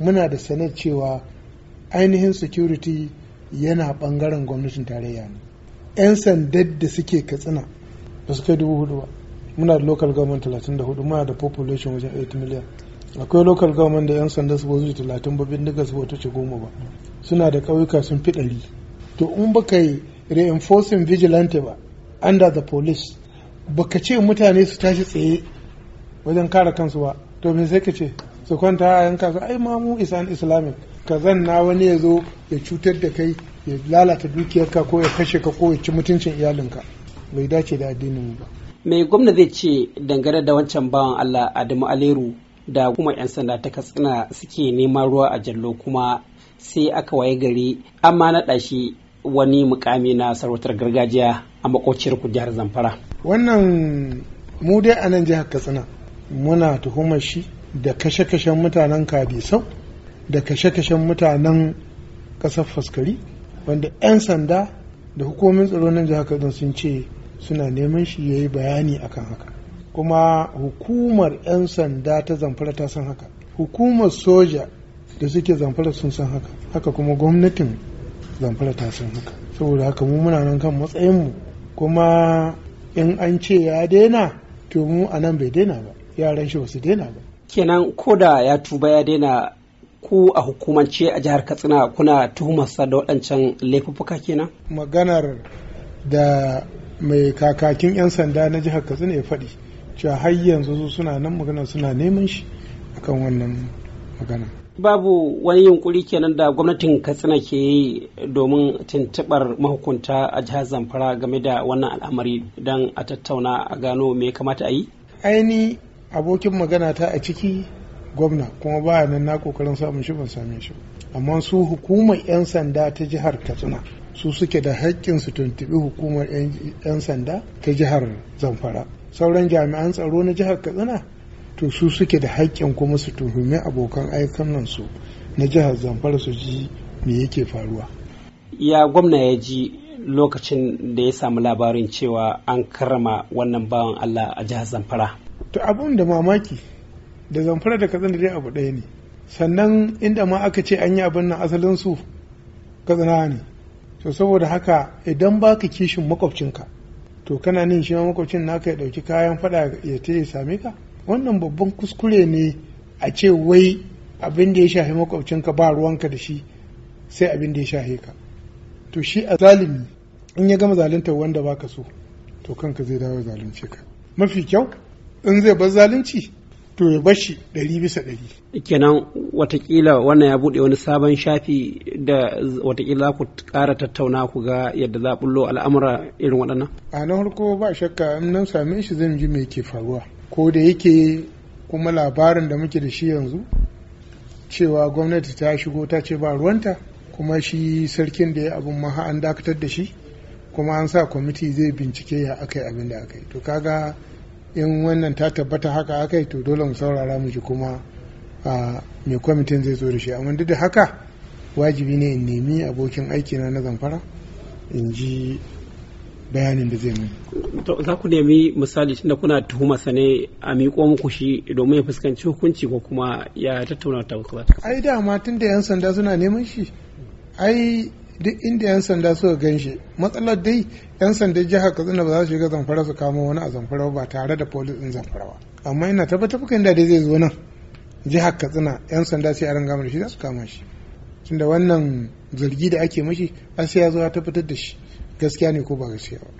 muna da sanar cewa ainihin security yana bangaren gwamnatin tarayya ne 'yan sandar da suke katsina ba su kai dubu hudu ba muna da local government 34 muna da population wajen 8 million. akwai local government da 'yan sanda su wuce 30 ba bindiga su wata ce goma ba suna da ƙauyuka sun fi ɗari to in ba ka yi reinforcing vigilante ba under the police ba ka ce mutane su tashi tsaye wajen kare kansu ba to me sai ka ce su kwanta a yanka su ai mamu isan islamic ka zanna wani ya zo ya cutar da kai ya lalata dukiyarka ko ya kashe ka ko ya ci mutuncin iyalinka bai dace da addinin ba mai gwamna zai ce dangane da wancan bawan allah adamu aleru da kuma 'yan sanda ta katsina suke neman ruwa a jallo kuma sai aka waye gari amma naɗa shi wani mukami na sarautar gargajiya a makociyar ku jihar zamfara wannan mu dai a nan jihar katsina muna tuhumar shi da kashe-kashen mutanen kadisau da kashe-kashen mutanen ƙasar faskari wanda 'yan sanda da hukumomin tsaro na jihar kaduna sun ce suna neman shi ya yi bayani akan haka kuma hukumar 'yan sanda ta zamfara ta san haka hukumar soja da suke zamfara sun san haka haka kuma gwamnatin zamfara ta san haka saboda haka mu muna nan kan matsayinmu kuma in an ce ya daina to mu a nan bai daina ba yaran shi ba su daina ba kenan koda ya tuba ya daina ku a hukumance a jihar katsina kuna tuhumarsa da waɗancan laifuffuka kenan maganar da mai kakakin 'yan sanda na jihar katsina ya faɗi cewa har yanzu suna nan magana suna neman shi akan wannan magana babu wani yunkuri kenan da gwamnatin katsina ke yi domin tuntuɓar mahukunta a jihar zamfara game da wannan al'amari don a tattauna a gano me kamata a yi aini abokin magana ta a ciki gwamna kuma baya nan na kokarin samun shi ban same shi amma su hukumar 'yan sanda ta jihar katsina su suke da haƙƙin su tuntuɓi hukumar 'yan sanda ta jihar zamfara sauran jami'an tsaro na jihar katsina to su suke da haƙƙin kuma su tuhumi abokan aikan nan su na jihar zamfara su ji me yake faruwa ya gwamna ya ji lokacin da ya samu labarin cewa an karrama wannan bawan allah a jihar zamfara to abun da mamaki da zamfara da da dai abu ɗaya ne sannan inda ma aka ce an yi abin nan asalin su katsina ne to saboda haka idan baka kishin makwabcinka to kana nin shi makwabcin naka ya ɗauki kayan faɗa ya ta ya same ka wannan babban kuskure ne a ce wai abin da ya shahe makwabcinka ba ruwanka da shi sai abin da ya shahe ka to shi a zalimi in ya gama zalunta wanda baka so to kanka zai dawo zalunce ka mafi kyau in zai bar zalunci to ya bashi ɗari bisa ɗari. kenan watakila wannan ya buɗe wani sabon shafi da watakila ku ƙara tattauna ku ga yadda za bullo al'amura irin waɗannan. a nan harko ba shakka in nan same shi zan ji mai ke faruwa ko da yake kuma labarin da muke da shi yanzu cewa gwamnati ta shigo ta ce ba ruwanta kuma shi sarkin da ya abin maha an dakatar da shi kuma an sa kwamiti zai bincike ya aka yi abin da aka yi to kaga in wannan ta tabbata haka aka to dole mu saurara mu ji kuma mai kwamitin zai zo da shi amma duk da haka wajibi ne in nemi abokin aikina na zamfara in ji bayanin da zai mai. To za ku nemi misali tunda kuna tuhuma sane a miƙo muku shi domin ya fuskanci hukunci ko kuma ya tattauna ta Ai dama da 'yan sanda suna neman shi. Ai duk inda 'yan sanda suka gan shi matsalar dai 'yan sanda jihar katsina ba za su shiga zamfara su kamo wani a zamfara ba tare da polis din zamfara ba amma ina tabbatar fukan da zai zo nan jihar katsina 'yan sanda sai a ranga mana shi za su kama shi tunda wannan zargi da ake mashi a sai ya zo ya tabbatar da shi gaskiya ne ko ba gaskiya ba